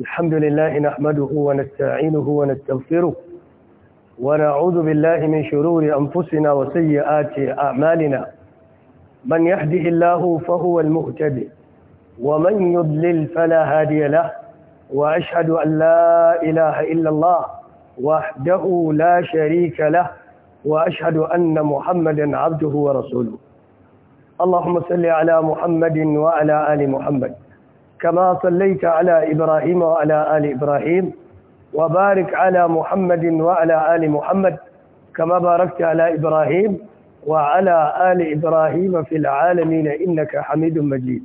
الحمد لله نحمده ونستعينه ونستغفره ونعوذ بالله من شرور أنفسنا وسيئات أعمالنا من يهده الله فهو المهتدي ومن يضلل فلا هادي له وأشهد أن لا إله إلا الله وحده لا شريك له وأشهد أن محمدا عبده ورسوله اللهم صل على محمد وعلى آل محمد كما صليت على إبراهيم وعلى آل إبراهيم وبارك على محمد وعلى آل محمد كما باركت على إبراهيم وعلى آل إبراهيم في العالمين إنك حميد مجيد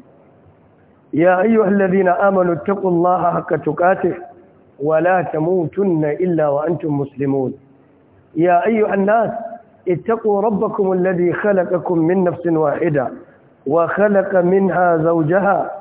يا أيها الذين آمنوا اتقوا الله حق تقاته ولا تموتن إلا وأنتم مسلمون يا أيها الناس اتقوا ربكم الذي خلقكم من نفس واحدة وخلق منها زوجها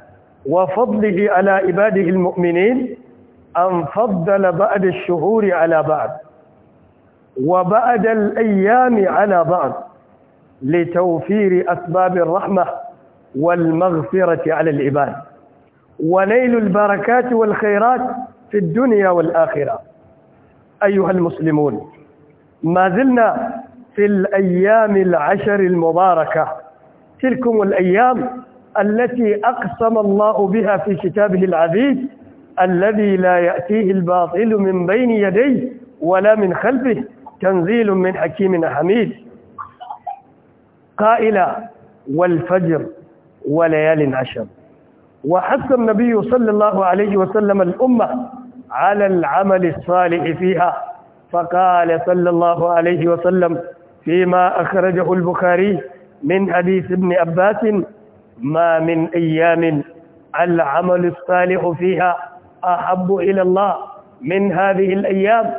وفضله على عباده المؤمنين أن فضل بعد الشهور على بعض وبعد الأيام على بعض لتوفير أسباب الرحمة والمغفرة على العباد ونيل البركات والخيرات في الدنيا والآخرة أيها المسلمون ما زلنا في الأيام العشر المباركة تلكم الأيام التي أقسم الله بها في كتابه العزيز الذي لا يأتيه الباطل من بين يديه ولا من خلفه تنزيل من حكيم حميد قائلا والفجر وليال عشر وحث النبي صلى الله عليه وسلم الأمة على العمل الصالح فيها فقال صلى الله عليه وسلم فيما أخرجه البخاري من حديث ابن أباس ما من أيام العمل الصالح فيها أحب إلى الله من هذه الأيام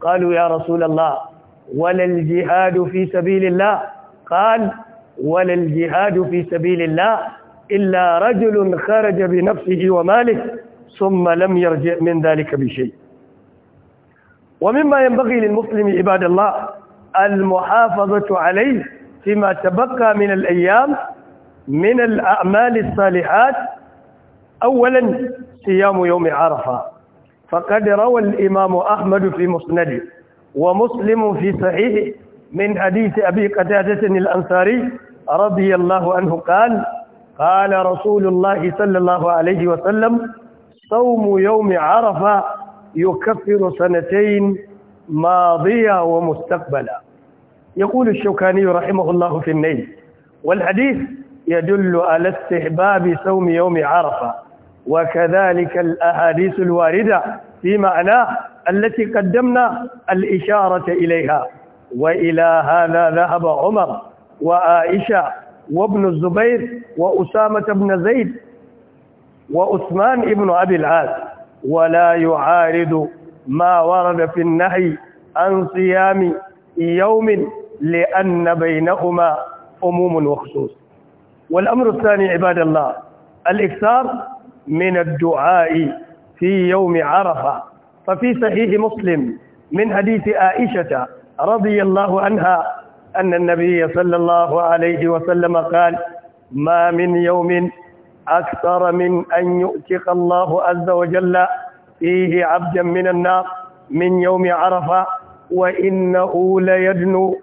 قالوا يا رسول الله ولا الجهاد في سبيل الله قال ولا الجهاد في سبيل الله إلا رجل خرج بنفسه وماله ثم لم يرجع من ذلك بشيء ومما ينبغي للمسلم عباد الله المحافظة عليه فيما تبقى من الأيام من الأعمال الصالحات أولا صيام يوم عرفة فقد روى الإمام أحمد في مسنده ومسلم في صحيحه من حديث أبي قتادة الأنصاري رضي الله عنه قال قال رسول الله صلى الله عليه وسلم صوم يوم عرفة يكفر سنتين ماضية ومستقبلة يقول الشوكاني رحمه الله في النيل والحديث يدل على استحباب صوم يوم عرفة وكذلك الأحاديث الواردة في معناه التي قدمنا الإشارة إليها وإلى هذا ذهب عمر وعائشة وابن الزبير وأسامة بن زيد وأثمان ابن أبي العاص ولا يعارض ما ورد في النهي عن صيام يوم لأن بينهما أموم وخصوص والأمر الثاني عباد الله الإكثار من الدعاء في يوم عرفة ففي صحيح مسلم من حديث عائشة رضي الله عنها أن النبي صلى الله عليه وسلم قال ما من يوم أكثر من أن يؤتق الله عز وجل فيه عبدا من النار من يوم عرفة وإنه ليدنو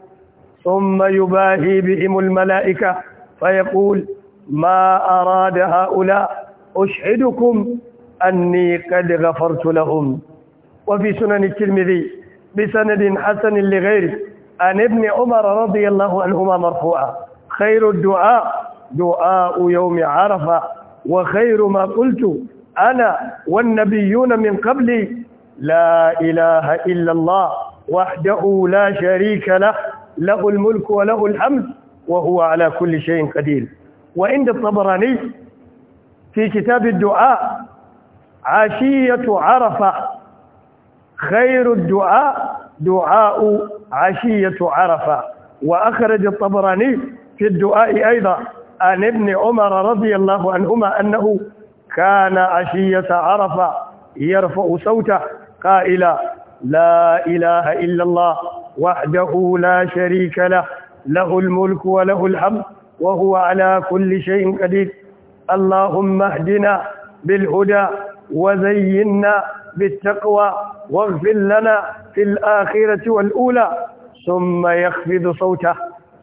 ثم يباهي بهم الملائكة فيقول ما أراد هؤلاء أشهدكم أني قد غفرت لهم وفي سنن الترمذي بسند حسن لغيره عن ابن عمر رضي الله عنهما مرفوعا خير الدعاء دعاء يوم عرفة وخير ما قلت أنا والنبيون من قبلي لا إله إلا الله وحده لا شريك له له الملك وله الحمد وهو على كل شيء قدير وعند الطبراني في كتاب الدعاء عشية عرفة خير الدعاء دعاء عشية عرفة وأخرج الطبراني في الدعاء أيضا عن ابن عمر رضي الله عنهما أنه كان عشية عرفة يرفع صوته قائلا لا إله إلا الله وحده لا شريك له له الملك وله الحمد وهو على كل شيء قدير اللهم اهدنا بالهدى وزينا بالتقوى واغفر لنا في الآخرة والأولى ثم يخفض صوته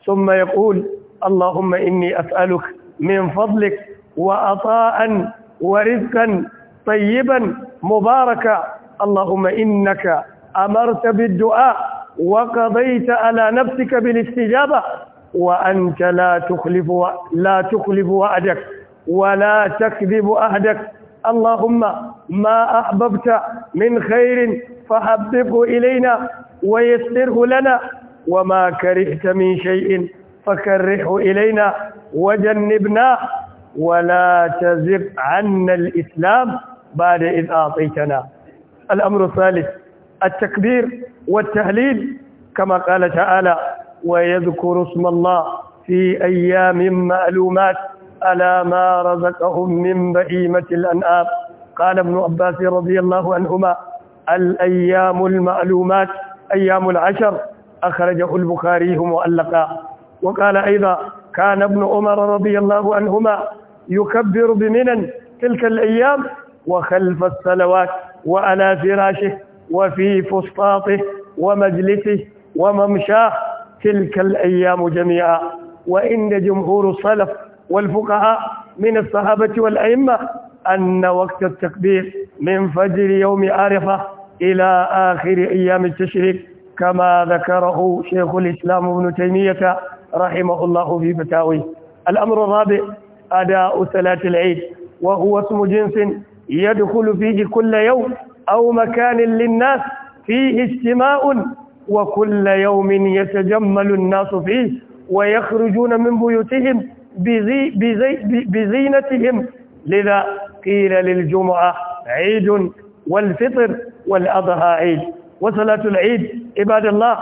ثم يقول اللهم إني أسألك من فضلك وعطاء ورزقا طيبا مباركا اللهم إنك أمرت بالدعاء وقضيت على نفسك بالاستجابة وأنت لا تخلف لا تخلف وعدك ولا تكذب عهدك اللهم ما أحببت من خير فحببه إلينا ويسره لنا وما كرهت من شيء فكرهه إلينا وجنبناه ولا تزغ عنا الإسلام بعد إذ أعطيتنا الأمر الثالث التكبير والتهليل كما قال تعالى ويذكر اسم الله في أيام معلومات ألا ما رزقهم من بهيمة الأنعام قال ابن عباس رضي الله عنهما الأيام المعلومات أيام العشر أخرجه البخاري مؤلقا وقال أيضا كان ابن عمر رضي الله عنهما يكبر بمنن تلك الأيام وخلف الصلوات وعلى فراشه وفي فسطاطه ومجلسه وممشاه تلك الأيام جميعا وإن جمهور الصلف والفقهاء من الصحابة والأئمة أن وقت التكبير من فجر يوم عرفة إلى آخر أيام التشريق كما ذكره شيخ الإسلام ابن تيمية رحمه الله في فتاويه الأمر الرابع أداء صلاة العيد وهو اسم جنس يدخل فيه كل يوم أو مكان للناس فيه اجتماع وكل يوم يتجمل الناس فيه ويخرجون من بيوتهم بزي بزي بزينتهم لذا قيل للجمعة عيد والفطر والأضحى عيد وصلاة العيد عباد الله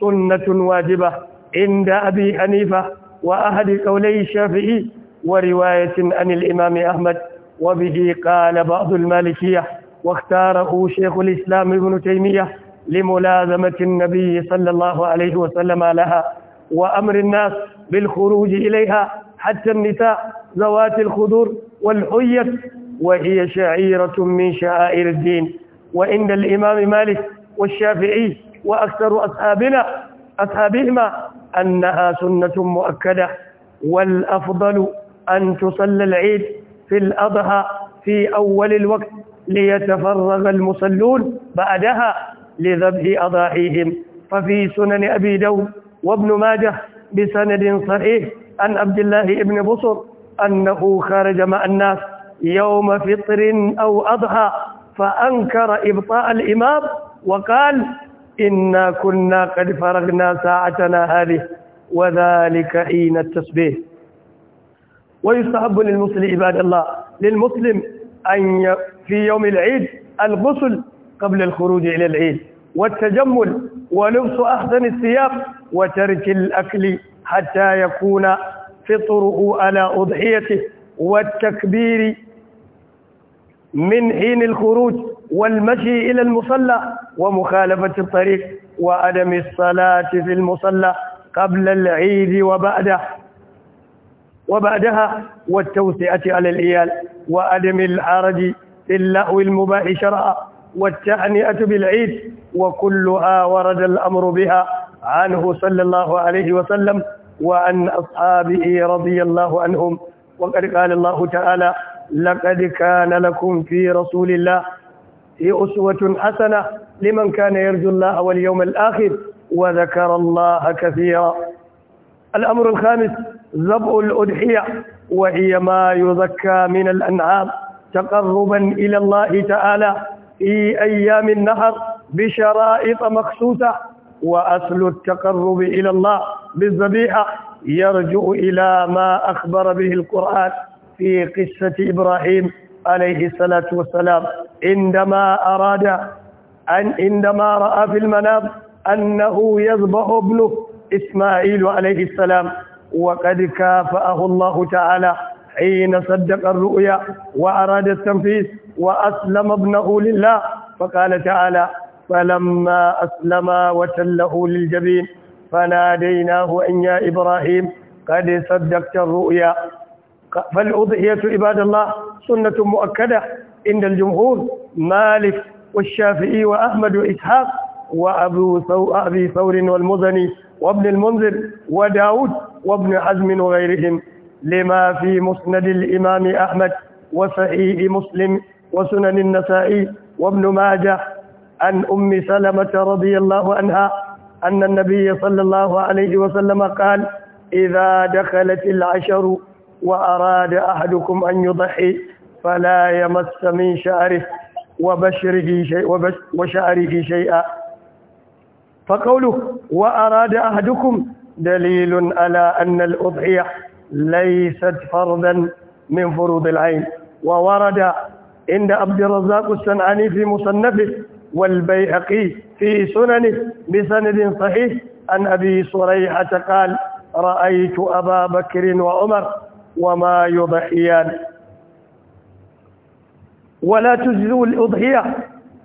سنة واجبة عند أبي حنيفة وأحد قولي الشافعي ورواية عن الإمام أحمد وبه قال بعض المالكية واختاره شيخ الإسلام ابن تيمية لملازمة النبي صلى الله عليه وسلم لها وأمر الناس بالخروج إليها حتى النساء ذوات الخدور والحية وهي شعيرة من شعائر الدين وإن الإمام مالك والشافعي وأكثر أصحابنا أصحابهما أنها سنة مؤكدة والأفضل أن تصلى العيد في الأضحى في أول الوقت ليتفرغ المصلون بعدها لذبح أضاحيهم ففي سنن أبي دو وابن ماجه بسند صحيح عن عبد الله بن بصر أنه خرج مع الناس يوم فطر أو أضحى فأنكر إبطاء الإمام وقال إنا كنا قد فرغنا ساعتنا هذه وذلك حين التسبيح ويستحب للمسلم عباد الله للمسلم أن ي... في يوم العيد الغسل قبل الخروج إلى العيد والتجمل ولبس أحسن الثياب وترك الأكل حتى يكون فطره على أضحيته والتكبير من حين الخروج والمشي إلى المصلى ومخالفة الطريق وعدم الصلاة في المصلى قبل العيد وبعده وبعدها والتوسعة على العيال وعدم العرج في اللهو المباح شرعا والتهنئة بالعيد وكلها ورد الأمر بها عنه صلى الله عليه وسلم وعن أصحابه رضي الله عنهم وقد قال الله تعالى لقد كان لكم في رسول الله أسوة حسنة لمن كان يرجو الله واليوم الآخر وذكر الله كثيرا الأمر الخامس ذبح الأضحية وهي ما يزكى من الأنعام تقربا إلى الله تعالى في أيام النهر بشرائط مخصوصة وأصل التقرب إلى الله بالذبيحة يرجع إلى ما أخبر به القرآن في قصة إبراهيم عليه الصلاة والسلام عندما أراد أن عندما رأى في المنام أنه يذبح ابنه إسماعيل عليه السلام وقد كافأه الله تعالى حين صدق الرؤيا وأراد التنفيذ وأسلم ابنه لله فقال تعالى فلما أسلم وتله للجبين فناديناه أن يا إبراهيم قد صدقت الرؤيا فالأضحية عباد الله سنة مؤكدة عند الجمهور مالك والشافعي وأحمد وإسحاق وأبو ثور والمزني وابن المنذر وداود وابن حزم وغيرهم لما في مسند الإمام أحمد وصحيح مسلم وسنن النسائي وابن ماجه عن أم سلمة رضي الله عنها أن النبي صلى الله عليه وسلم قال إذا دخلت العشر وأراد أحدكم أن يضحي فلا يمس من شعره وبشره شيء وبش وشعره شيئا فقوله وأراد أحدكم دليل على أن الأضحية ليست فرضا من فروض العين وورد عند عبد الرزاق السنعاني في مصنفه والبيهقي في سننه بسند صحيح عن أبي صريحة قال رأيت أبا بكر وعمر وما يضحيان ولا تجزو الأضحية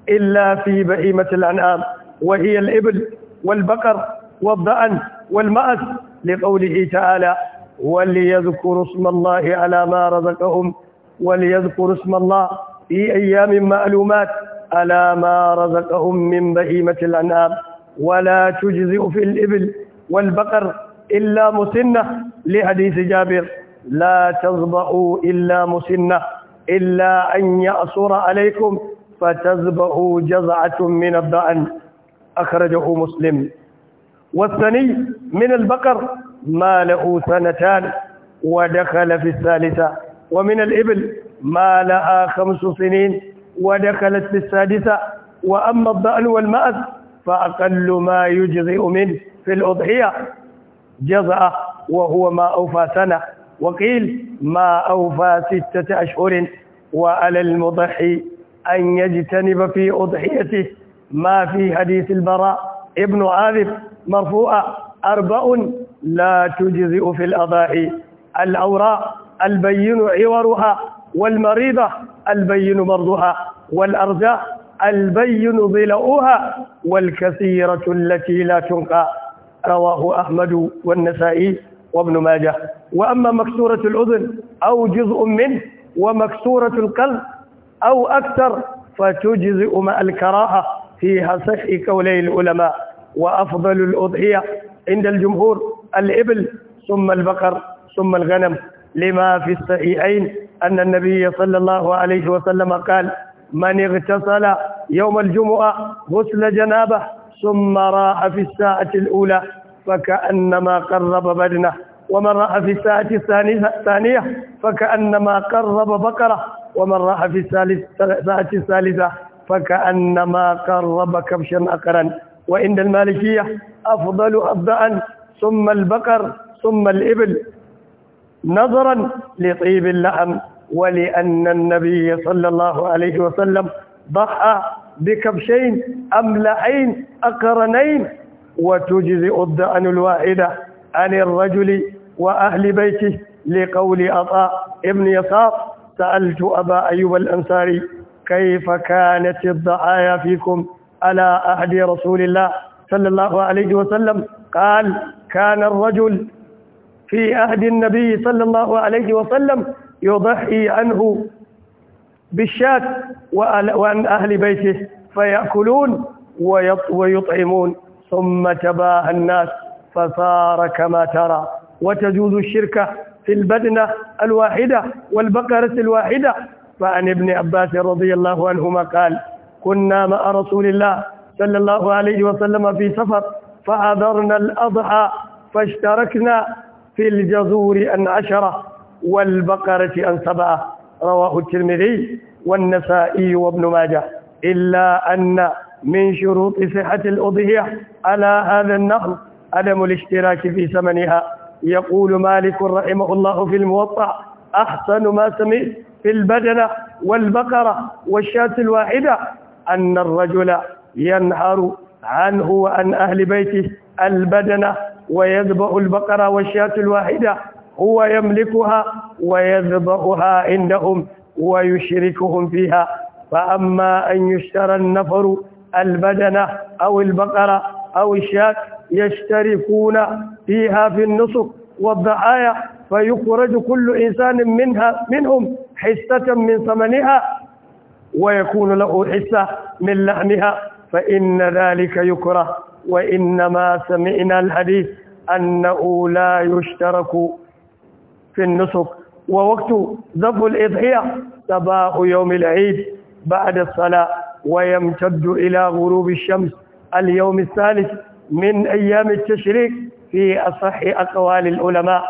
إلا في بهيمة الأنعام وهي الإبل والبقر والضأن والمأس لقوله تعالى وليذكروا اسم الله على ما رزقهم وليذكروا اسم الله في أيام معلومات على ما رزقهم من بهيمة الأنعام ولا تجزئ في الإبل والبقر إلا مسنة لحديث جابر لا تذبحوا إلا مسنة إلا أن يأصر عليكم فتذبحوا جزعة من الضأن أخرجه مسلم والثني من البقر ما له سنتان ودخل في الثالثة ومن الإبل ما لها خمس سنين ودخلت في السادسة وأما الضأن والمأس فأقل ما يجزئ منه في الأضحية جزاء وهو ما أوفى سنة وقيل ما أوفى ستة أشهر وعلى المضحي أن يجتنب في أضحيته ما في حديث البراء ابن عاذب مرفوعة أربع لا تجزئ في الأضاحي الأوراء البين عورها والمريضة البين مرضها والأرجاء البين ضلؤها والكثيرة التي لا تنقى رواه أحمد والنسائي وابن ماجه وأما مكسورة الأذن أو جزء منه ومكسورة القلب أو أكثر فتجزئ مع الكراهة فيها صحي قولي العلماء وأفضل الأضحية عند الجمهور الإبل ثم البقر ثم الغنم لما في الصحيحين أن النبي صلى الله عليه وسلم قال من اغتسل يوم الجمعة غسل جنابه ثم راح في الساعة الأولى فكأنما قرب بدنه ومن راح في الساعة الثانية فكأنما قرب بقرة ومن راح في الساعة الثالثة فكأنما قرب كبشا أقرا وعند المالكية أفضل أبداء ثم البقر ثم الإبل نظرا لطيب اللحم ولأن النبي صلى الله عليه وسلم ضحى بكبشين أملعين أقرنين وتجزئ الدأن الواحدة عن الرجل وأهل بيته لقول أطاء ابن يسار سألت أبا أيوب الأنصاري كيف كانت الضحايا فيكم؟ على عهد رسول الله صلى الله عليه وسلم قال كان الرجل في عهد النبي صلى الله عليه وسلم يضحي عنه بالشاة وعن أهل بيته فيأكلون ويطعمون ثم تباهى الناس فصار كما ترى وتجوز الشركة في البدنة الواحدة والبقرة الواحدة فعن ابن عباس رضي الله عنهما قال كنا مع رسول الله صلى الله عليه وسلم في سفر فعذرنا الأضحى فاشتركنا في الجزور أن عشرة والبقرة أن سبعة رواه الترمذي والنسائي وابن ماجه إلا أن من شروط صحة الأضحية على هذا النحو عدم الاشتراك في ثمنها يقول مالك رحمه الله في الموطأ أحسن ما سمعت في البدنة والبقرة والشاة الواحدة أن الرجل ينهر عنه وعن أهل بيته البدنة ويذبح البقرة والشاة الواحدة هو يملكها ويذبحها عندهم ويشركهم فيها فأما أن يشترى النفر البدنة أو البقرة أو الشاة يشتركون فيها في النسك والضحايا فيخرج كل إنسان منها منهم حصة من ثمنها ويكون له حصة من لحمها فإن ذلك يكره وإنما سمعنا الحديث أنه لا يشترك في النسك ووقت ذب الإضحية صباح يوم العيد بعد الصلاة ويمتد إلى غروب الشمس اليوم الثالث من أيام التشريك في أصح أقوال العلماء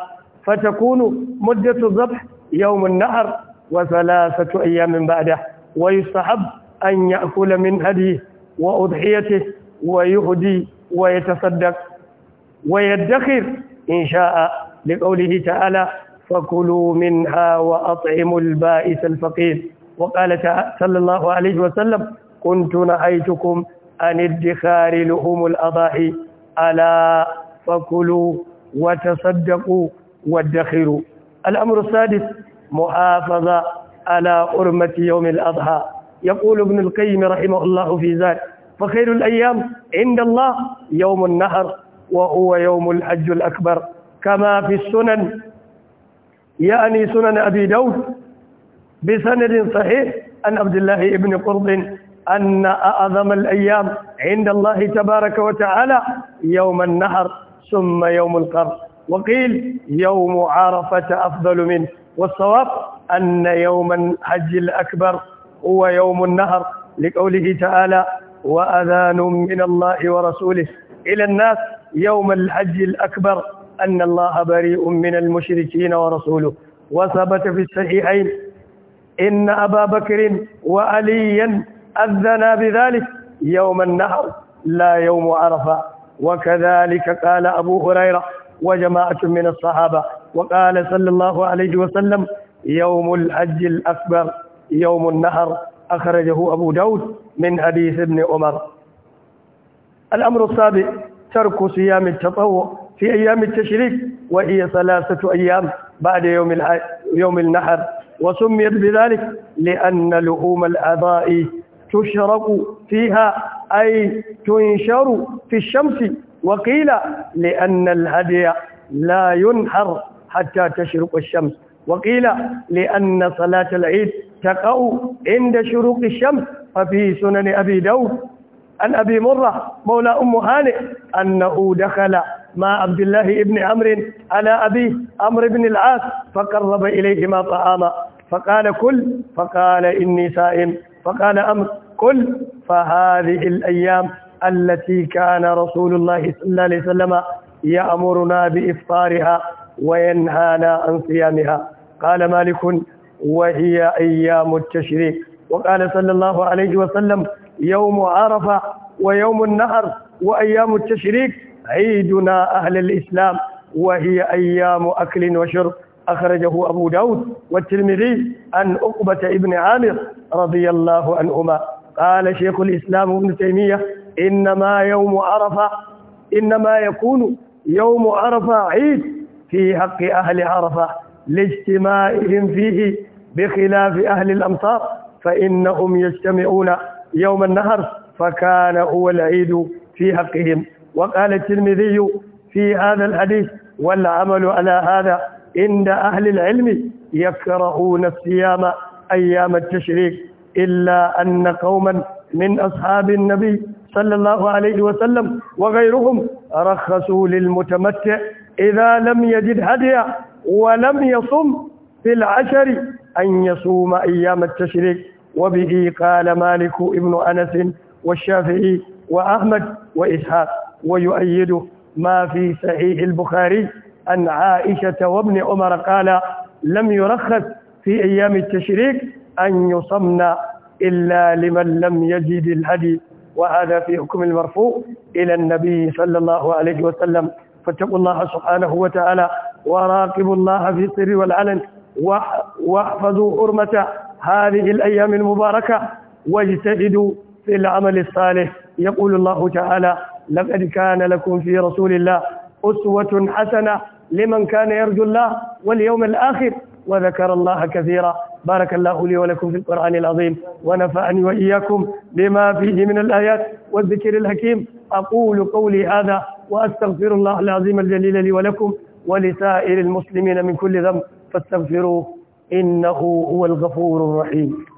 فتكون مدة الذبح يوم النحر وثلاثة أيام بعده ويستحب أن يأكل من هديه وأضحيته ويهدي ويتصدق ويدخر إن شاء لقوله تعالى فكلوا منها وأطعموا البائس الفقير وقال صلى الله عليه وسلم كنت نهيتكم عن ادخار لحوم الأضاحي ألا فكلوا وتصدقوا وادخروا الأمر السادس محافظة على حرمة يوم الأضحى يقول ابن القيم رحمه الله في ذلك فخير الأيام عند الله يوم النهر وهو يوم الحج الأكبر كما في السنن يعني سنن أبي داود بسند صحيح عن عبد الله ابن قرض أن أعظم الأيام عند الله تبارك وتعالى يوم النهر ثم يوم القر وقيل يوم عرفة أفضل منه والصواب أن يوم الحج الأكبر هو يوم النهر لقوله تعالى وأذان من الله ورسوله إلى الناس يوم الحج الأكبر أن الله بريء من المشركين ورسوله وثبت في الصحيحين إن أبا بكر وعليا أذنا بذلك يوم النهر لا يوم عرفة وكذلك قال أبو هريرة وجماعة من الصحابة وقال صلى الله عليه وسلم يوم الحج الأكبر يوم النهر أخرجه أبو داود من حديث ابن عمر الأمر السابع ترك صيام التطوع في أيام التشريك وهي ثلاثة أيام بعد يوم يوم النحر وسميت بذلك لأن لحوم الأعضاء تشرق فيها أي تنشر في الشمس وقيل لأن الهدي لا ينحر حتى تشرق الشمس وقيل لأن صلاة العيد تقع عند شروق الشمس ففي سنن أبي دو عن أبي مرة مولى أم هانئ أنه دخل مع عبد الله بن عمرو على أبي عمرو بن العاص فقرب إليهما طعاما فقال كل فقال إني سائم فقال أمر كل فهذه الأيام التي كان رسول الله صلى الله عليه وسلم يأمرنا بإفطارها وينهانا عن صيامها قال مالك وهي أيام التشريك وقال صلى الله عليه وسلم يوم عرفة ويوم النهر وأيام التشريك عيدنا أهل الإسلام وهي أيام أكل وشرب أخرجه أبو داود والترمذي عن أقبة ابن عامر رضي الله عنهما قال شيخ الإسلام ابن تيمية إنما يوم عرفة إنما يكون يوم عرفة عيد في حق أهل عرفة لاجتماعهم فيه بخلاف أهل الأمصار فإنهم يجتمعون يوم النهر فكان هو العيد في حقهم وقال الترمذي في هذا الحديث والعمل على هذا عند أهل العلم يكرهون الصيام أيام التشريك إلا أن قوما من أصحاب النبي صلى الله عليه وسلم وغيرهم رخصوا للمتمتع إذا لم يجد هديا ولم يصم في العشر أن يصوم أيام التشريك وبه قال مالك ابن أنس والشافعي وأحمد وإسحاق ويؤيده ما في صحيح البخاري أن عائشة وابن عمر قال لم يرخص في أيام التشريك أن يصمنا إلا لمن لم يجد الهدي وهذا في حكم المرفوع إلى النبي صلى الله عليه وسلم فاتقوا الله سبحانه وتعالى وراقبوا الله في السر والعلن واحفظوا حرمة هذه الأيام المباركة واجتهدوا في العمل الصالح يقول الله تعالى لقد كان لكم في رسول الله أسوة حسنة لمن كان يرجو الله واليوم الآخر وذكر الله كثيرا بارك الله لي ولكم في القرآن العظيم ونفعني وإياكم بما فيه من الآيات والذكر الحكيم أقول قولي هذا وأستغفر الله العظيم الجليل لي ولكم ولسائر المسلمين من كل ذنب فاستغفروه إنه هو الغفور الرحيم